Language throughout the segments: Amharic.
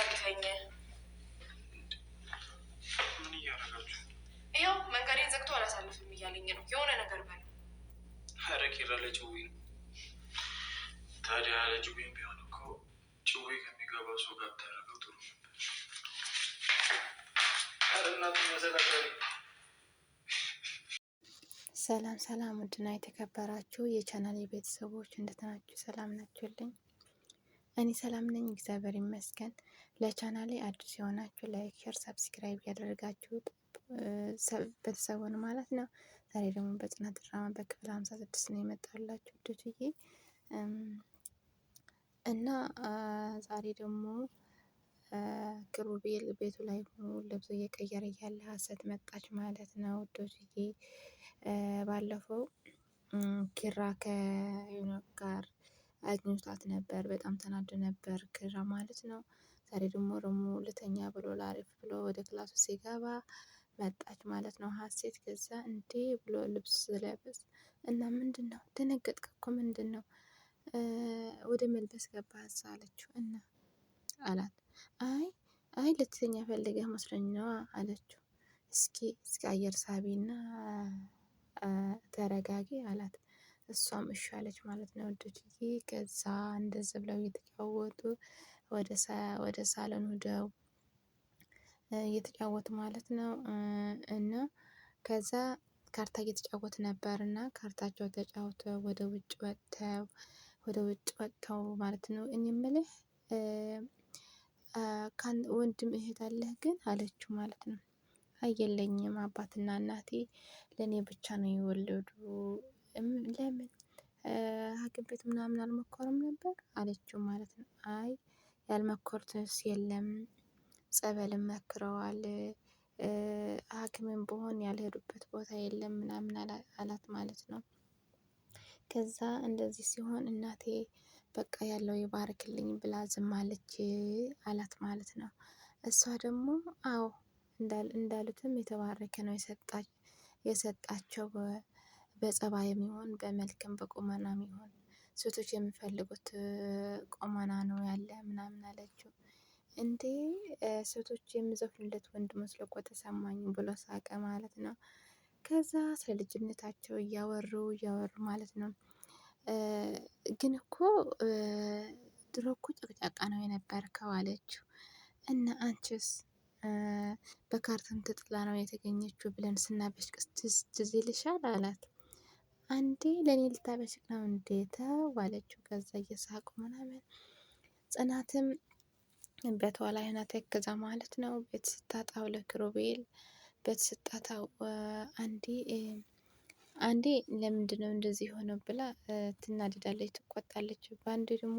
አሳልፈኝ። ምን እያደረጋችሁ? ይኸው መንገዴን ዘግቶ አላሳልፍም እያለኝ ነው። የሆነ ነገር ኧረ ኪራ ለጭዌ ነው ታዲያ። ለጭዌም ቢሆን እኮ ጭዌ ሰው ጋር ብታደርገው ጥሩ ነበር። እናቱ ሰላም ሰላም፣ ውድና የተከበራችሁ የቻናል ቤተሰቦች እንደተናችሁ ሰላም ናችሁልኝ? እኔ ሰላም ነኝ፣ እግዚአብሔር ይመስገን። ለቻናሌ አዲስ የሆናችሁ ላይክ፣ ሸር፣ ሰብስክራይብ ያደረጋችሁ ቤተሰቡን ማለት ነው። ዛሬ ደግሞ በጽናት ድራማ በክፍል ሀምሳ ስድስት ነው የመጣላችሁ ድትዬ እና ዛሬ ደግሞ ክሩቤል ቤቱ ላይ ሆኖ ልብሱ እየቀየረ እያለ ሀሰት መጣች ማለት ነው። ዶችዬ ባለፈው ኪራ ከዩኖክ ጋር አግኝቷት ነበር። በጣም ተናዶ ነበር ኪራ ማለት ነው። ዛሬ ደግሞ ደግሞ ልተኛ ብሎ ላሪፍ ብሎ ወደ ክላሱ ሲገባ መጣች ማለት ነው ሀሴት። ከዛ እንዴ ብሎ ልብስ ስለብስ እና ምንድን ነው ደነገጥክ እኮ ምንድን ነው ወደ መልበስ ገባ አለችው። እና አላት አይ አይ ልትተኛ ፈልገህ መስሎኝ ነዋ አለችው። እስኪ እስኪ አየር ሳቢና ተረጋጊ አላት። እሷም እሺ አለች ማለት ነው። ወደች ከዛ እንደዚህ ብለው እየተጫወቱ ወደ ሳሎን ሂደው እየተጫወቱ ማለት ነው። እና ከዛ ካርታ እየተጫወቱ ነበር እና ካርታቸው ተጫውተው ወደ ውጭ ወጥተው ወደ ውጭ ወጥተው ማለት ነው። እኔ ከአንድ ወንድም እህት አለህ ግን አለችው ማለት ነው። አይ የለኝም አባትና እናቴ ለእኔ ብቻ ነው የወለዱ። ለምን ሀኪም ቤት ምናምን አልሞከሩም ነበር አለችው ማለት ነው። አይ ያልመኮርትስ የለም። ጸበልን መክረዋል። ሐኪምን በሆን ያልሄዱበት ቦታ የለም ምናምን አላት ማለት ነው። ከዛ እንደዚህ ሲሆን እናቴ በቃ ያለው ይባርክልኝ ብላ ዝም አለች አላት ማለት ነው። እሷ ደግሞ አዎ እንዳሉትም የተባረከ ነው የሰጣቸው በጸባይም ይሆን በመልክም በቁመናም ይሆን። ሴቶች የሚፈልጉት ቆመና ነው ያለ ምናምን አለችው። እንዴ ሴቶች የሚዘፍኑለት ወንድ መስሎ እኮ ተሰማኝ ብሎ ሳቀ ማለት ነው። ከዛ ስለ ልጅነታቸው እያወሩ እያወሩ ማለት ነው። ግን እኮ ድሮ እኮ ጨቅጫቃ ነው የነበርከው አለችው። እና አንቺስ በካርተን ተጥላ ነው የተገኘችው ብለን ስናበሽቅስ ትዝ ይልሻል አላት። አንዴ ለእኔ ልታበሽቅ ነው እንዴ? ተው ከዛ እየሳቁ ምናምን ጽናትም በቷ ላይ ሆና ተክዛ ማለት ነው። ቤት ስታጣው ለክሮቤል ቤት ስታጣው አንዴ አንዴ ለምንድን ነው እንደዚህ የሆነው ብላ ትናደዳለች፣ ትቆጣለች። በአንዴ ደግሞ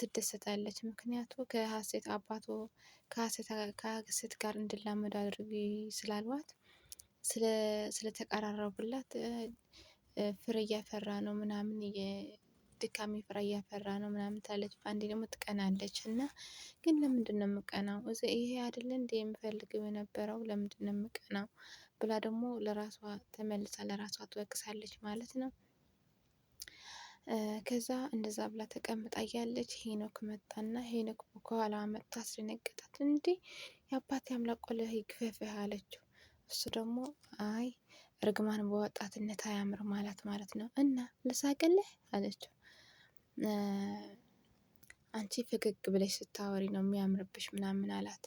ትደሰታለች። ምክንያቱ ከሀሴት አባቶ ከሀሴት ጋር እንድላመዱ አድርጊ ስላልዋት ስለተቀራረቡላት ፍሬ እያፈራ ነው ምናምን ድካሜ ፍራ እያፈራ ነው ምናምን ታለች። በአንድ ደግሞ ትቀናለች። እና ግን ለምንድን ነው የምቀናው? ይሄ አይደለ እንዴ የምፈልገው የነበረው ለምንድን ነው የምቀናው? ብላ ደግሞ ለራሷ ተመልሳ ለራሷ ትወቅሳለች ማለት ነው። ከዛ እንደዛ ብላ ተቀምጣ እያለች ሄኖክ መጣና ሄኖክ ከኋላ መጥቶ አስደነገጣት። እንዴ የአባት አምላክ ቆለህ ይግፈፍህ አለችው። እሱ ደግሞ አይ እርግማን በወጣትነት አያምር ማለት ማለት ነው እና ልሳቅልህ አለችው። አንቺ ፈገግ ብለሽ ስታወሪ ነው የሚያምርብሽ ምናምን አላት።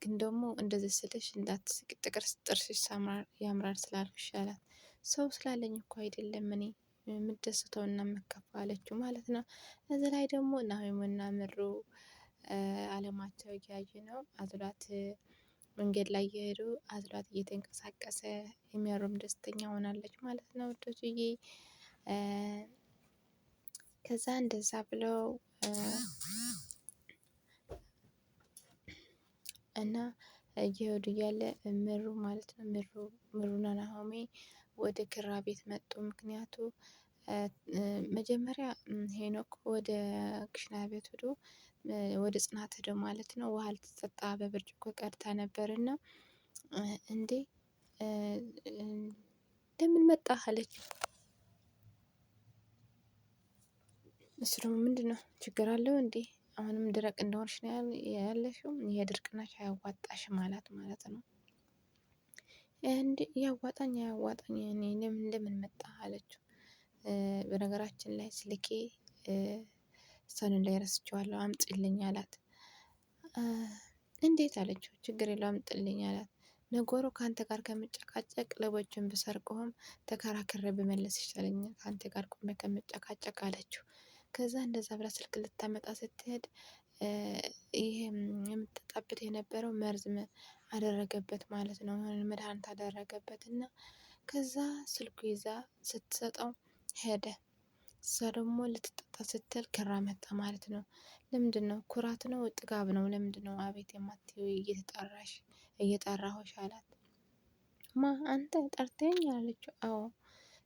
ግን ደግሞ እንደዚህ ስልሽ እንዳትስቂ ጥቅር ጥርስሽ ያምራል ስላልኩሽ አላት። ሰው ስላለኝ እኮ አይደለም እኔ የምደሰተው እና የምከፋ አለችው ማለት ነው። እዚህ ላይ ደግሞ ናሆምና ምሩ አለማቸው እያዩ ነው አዙላት መንገድ ላይ እየሄዱ አዝሏት እየተንቀሳቀሰ የሚያሩም ደስተኛ ሆናለች ማለት ነው ውዶችዬ። ከዛ እንደዛ ብለው እና እየሄዱ እያለ ምሩ ማለት ነው ምሩ ምሩና ናሆሜ ወደ ኪራ ቤት መጡ። ምክንያቱ መጀመሪያ ሄኖክ ወደ ክሽና ቤት ሄዶ ወደ ጽናት ሄዶ ማለት ነው ውሃ ልትጠጣ በብርጭቆ ቀድታ ነበርና እንዴ ለምን መጣ አለች። እሱ ደግሞ ምንድን ነው ችግር አለው እንዴ? አሁንም ድረቅ እንደሆንሽ ነው ያለሽው። ይሄ ድርቅናሽ አያዋጣሽም አላት ማለት ነው። እንዴ ያዋጣኝ አያዋጣኝ እኔ ለምን ለምን መጣህ አለችው። በነገራችን ላይ ስልኬ እሷን ላይ ረስቼዋለሁ አምጥልኝ አላት። እንዴት አለችው ችግር የለው አምጥልኝ አላት። ነገሩ ከአንተ ጋር ከምጨቃጨቅ ሌቦችን ብሰርቀውም ተከራክረ ብመለስ ይሻለኛል ከአንተ ጋር ቆሜ ከምጨቃጨቅ አለችው። ከዛ እንደዛ ብላ ስልክ ልታመጣ ስትሄድ ይሄ የምትጠጣበት የነበረው መርዝ አደረገበት ማለት ነው የሆነ መድሃኒት አደረገበት እና ከዛ ስልኩ ይዛ ስትሰጠው ሄደ። እሷ ደግሞ ልትጠጣ ስትል ክራ መጣ ማለት ነው። ለምንድን ነው ኩራት ነው ጥጋብ ነው ለምንድን ነው አቤት የማትይው እየተጠራሽ እየጠራሁሽ አላት። ማ አንተ ጠርተኝ አለችው። አዎ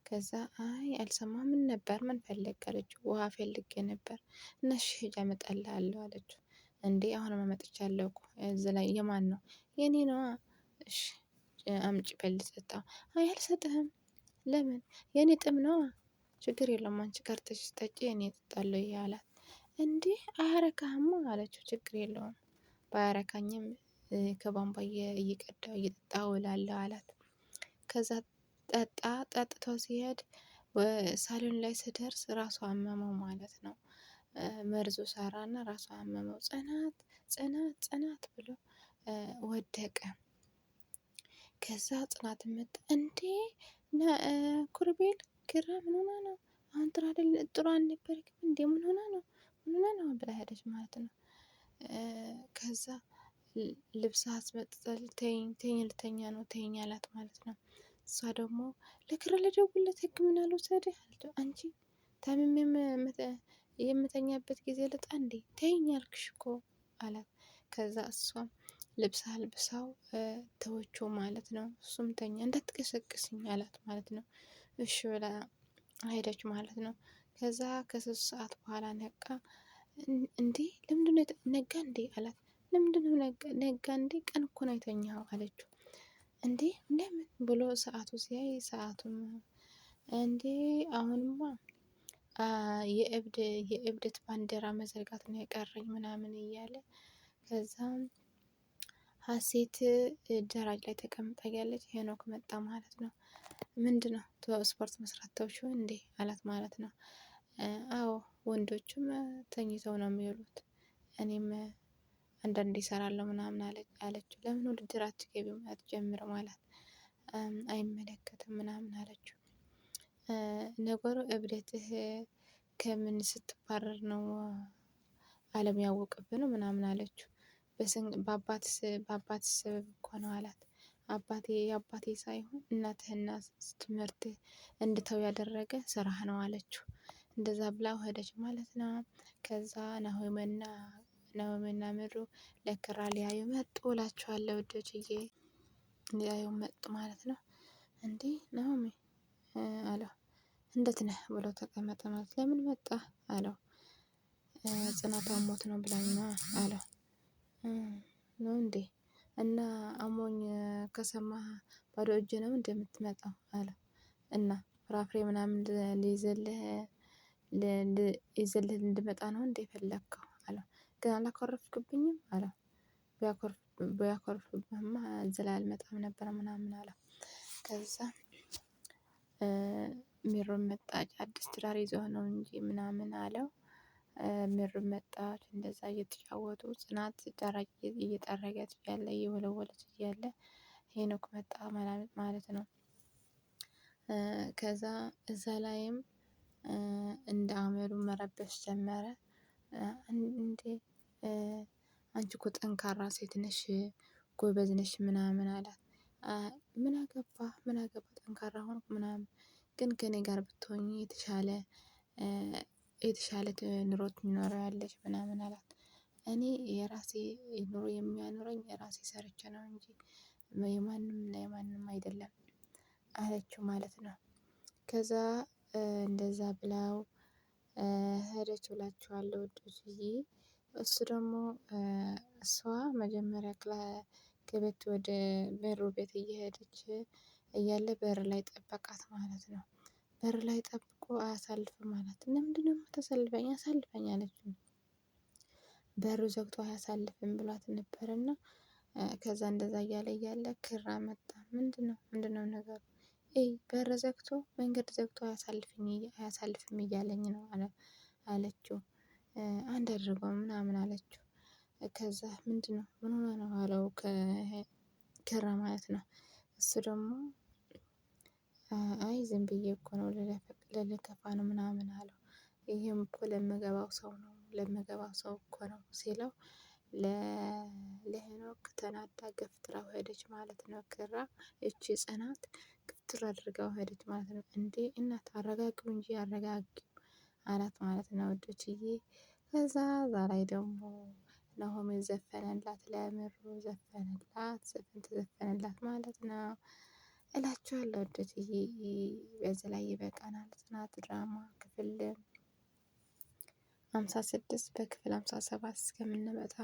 ከዛ አይ አልሰማ ምን ነበር ምን ፈለግ አለችው። ውሃ ፈልጌ ነበር እና እሺ ሂጅ አመጣልሃለሁ አለችው። እንዴ አሁን መመጥቻለሁ እኮ እዚ ላይ የማን ነው የኔ ነዋ። እሺ አምጭ በል ልጠጣው። አይ አልሰጥህም። ለምን የኔ ጥም ነዋ ችግር የለም አንቺ ጋር ስጠጪ እኔ እጠጣለሁ እያላት እንዲህ አያረካህማ አለችው። ችግር የለውም ባያረካኝም ከቧንቧ እየቀዳሁ እየጠጣሁ እውላለሁ አላት። ከዛ ጠጣ ጠጥቶ ሲሄድ ሳሎን ላይ ስደርስ ራሱ አመመው ማለት ነው። መርዙ ሰራና ራሱ አመመው ጽናት ጽናት ጽናት ብሎ ወደቀ። ከዛ ጽናት መጣ። እንዴ ኩርቤል ኪራ ምን ሆና ነው? አሁን ጥሩ አይደል ጥሩ አልነበረክም እንዴ? ምን ሆና ነው? ምን ሆና ነው ብላ ሄደች ማለት ነው። ከዛ ልብስ አስመጥጠል ተኝ ተኝ ልተኛ ነው ተኛ አላት ማለት ነው። እሷ ደግሞ ለኪራ ልደውልለት ሕክምና አለ አንቺ ታምሜ የምተኛበት ጊዜ ልጣ እንዴ ተይኝ አልክሽ እኮ አላት። ከዛ እሷም ልብስ አልብሳው ተወቾ ማለት ነው። እሱም ተኛ እንዳትቀሰቅስኝ አላት ማለት ነው። እሺ ብላ ሄደች ማለት ነው። ከዛ ከሶስት ሰዓት በኋላ ነቃ። እንዴ ለምንድነው ነጋ እንዴ አላት። ለምንድነው ነጋ እንዴ ቀን እኮ ነው አለችው። እንዴ ለምን ብሎ ሰዓቱ ሲያይ ሰዓቱን እንዴ አሁንማ የእብድ የእብደት ባንዲራ መዘርጋት ነው የቀረኝ ምናምን እያለ ከዛም ሀሴት ደራጅ ላይ ተቀምጣ ያለች ሄኖክ መጣ ማለት ነው። ምንድነው ስፖርት መስራት ተውሽ እንዴ አላት ማለት ነው። አዎ ወንዶቹም ተኝተው ነው የሚውሉት እኔም አንዳንዴ ይሰራለሁ ምናምን አለችው። ለምን ውድድር አትገቢም አትጀምርም አላት? አይመለከትም ምናምን አለችው። ነገሩ እብደትህ ከምን ስትባረር ነው አለም ያወቀብህ ነው ምናምን አለችው። በአባት በአባት እኮ ነው አላት አባቴ አባቴ ሳይሆን እናትህና ትምህርት እንድተው ያደረገ ስራህ ነው አለችው። እንደዛ ብላ ሄደች ማለት ነው። ከዛ ናሆምና ናሆምና ምሩ ለክራ ሊያዩ መጡ እላችኋለሁ ውዶችዬ። ሊያዩ መጡ ማለት ነው። እንዴ ናሆሜ አለው። እንዴት ነህ ብሎ ተቀመጠ ማለት ለምን መጣ አለው። ጽናቷ ሞት ነው ብላኝ ነው አለው። ነው እንዴ እና አሞኝ ከሰማህ ባዶ እጅ ነው እንደምትመጣው አለው። እና ፍራፍሬ ምናምን ሊይዝልህ ይዘልህ እንድመጣ ነው እንዴ የፈለከው አለው። ግን አላኮረፍክብኝም አለው። ቢያኮርፍብህማ እዚህ ላይ አልመጣም ነበር ምናምን አለው። ከዛ ሚሮ መጣች አዲስ ትዳር ይዞ ነው እንጂ ምናምን አለው ምር መጣች እንደዛ እየተጫወቱ ጽናት ጠራቂ እየጠረገች እያለ እየወለወለች እያለ ሄኖክ መጣ ማለት ነው። ከዛ እዛ ላይም እንደ አመሉ መረበሽ ጀመረ። እንዴ አንቺ እኮ ጠንካራ ሴት ነሽ፣ ጎበዝ ነሽ ምናምን አላት። ምን አገባ ምን አገባ ጠንካራ ሆንኩ ምናምን፣ ግን ከኔ ጋር ብትሆኚ የተሻለ የተሻለ ኑሮ ትኖሪያለሽ ምናምን አላት። እኔ የራሴ ኑሮ የሚያኖረኝ የራሴ ሰርቼ ነው እንጂ የማንም እና የማንም አይደለም አለችው ማለት ነው። ከዛ እንደዛ ብላው ሄደች ብላችኋለሁ ውዶችዬ። እሱ ደግሞ እሷ መጀመሪያ ከቤት ወደ በሩ ቤት እየሄደች እያለ በር ላይ ጠበቃት ማለት ነው። በር ላይ ጠብቃ አያሳልፍም አላት። ነው የማታሳልፈኝ አሳልፈኝ አለች። በሩ ዘግቶ አያሳልፍም ብሏት ነበርና ከዛ እንደዛ እያለ እያለ ክራ መጣ። ምንድነው ነው ነገሩ? ይህ በር ዘግቶ መንገድ ዘግቶ አያሳልፍም እያለኝ ነው አለችው። አንድ አድርጎ ምናምን አለችው። ከዛ ነው ምን ሆነ ነው አለው። ክራ ማለት ነው። እሱ ደግሞ አይ ዝም ብዬ እኮ ነው ልደፍቅ ልንከፋ ነው ምናምን አለው። ይህም እኮ ለምገባው ሰው ነው ለምገባው ሰው እኮ ነው ሲለው ለሄኖክ ተናዳ ገፍትራው ሄደች ማለት ነው። ክራ እቺ ጽናት ግፍትር አድርገው ሄደች ማለት ነው። እንዴ እናት አረጋጊው እንጂ አረጋጊው አላት ማለት ነው። ወዶችዬ ከዛ ዛ ላይ ደግሞ ናሆሜ ዘፈነላት፣ ለምሩ ዘፈነላት፣ ስንት ዘፈነላት ማለት ነው። እላችኋለሁ ይሄ በዚህ ላይ ይበቃናል። ጽናት ድራማ ክፍል ሀምሳ ስድስት በክፍል ሀምሳ ሰባት እስከምንመጣ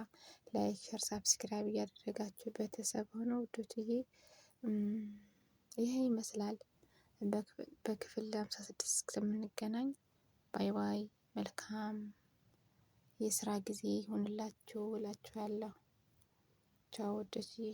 ላይክ፣ ሸር፣ ሳብስክራይብ እያደረጋችሁ ቤተሰብ ሆኖ ይሄ ይህ ይመስላል። በክፍል ሀምሳ ስድስት እስከምንገናኝ ባይ ባይ። መልካም የስራ ጊዜ ይሁንላችሁ እላችኋለሁ። ቻው ውዶትዬ።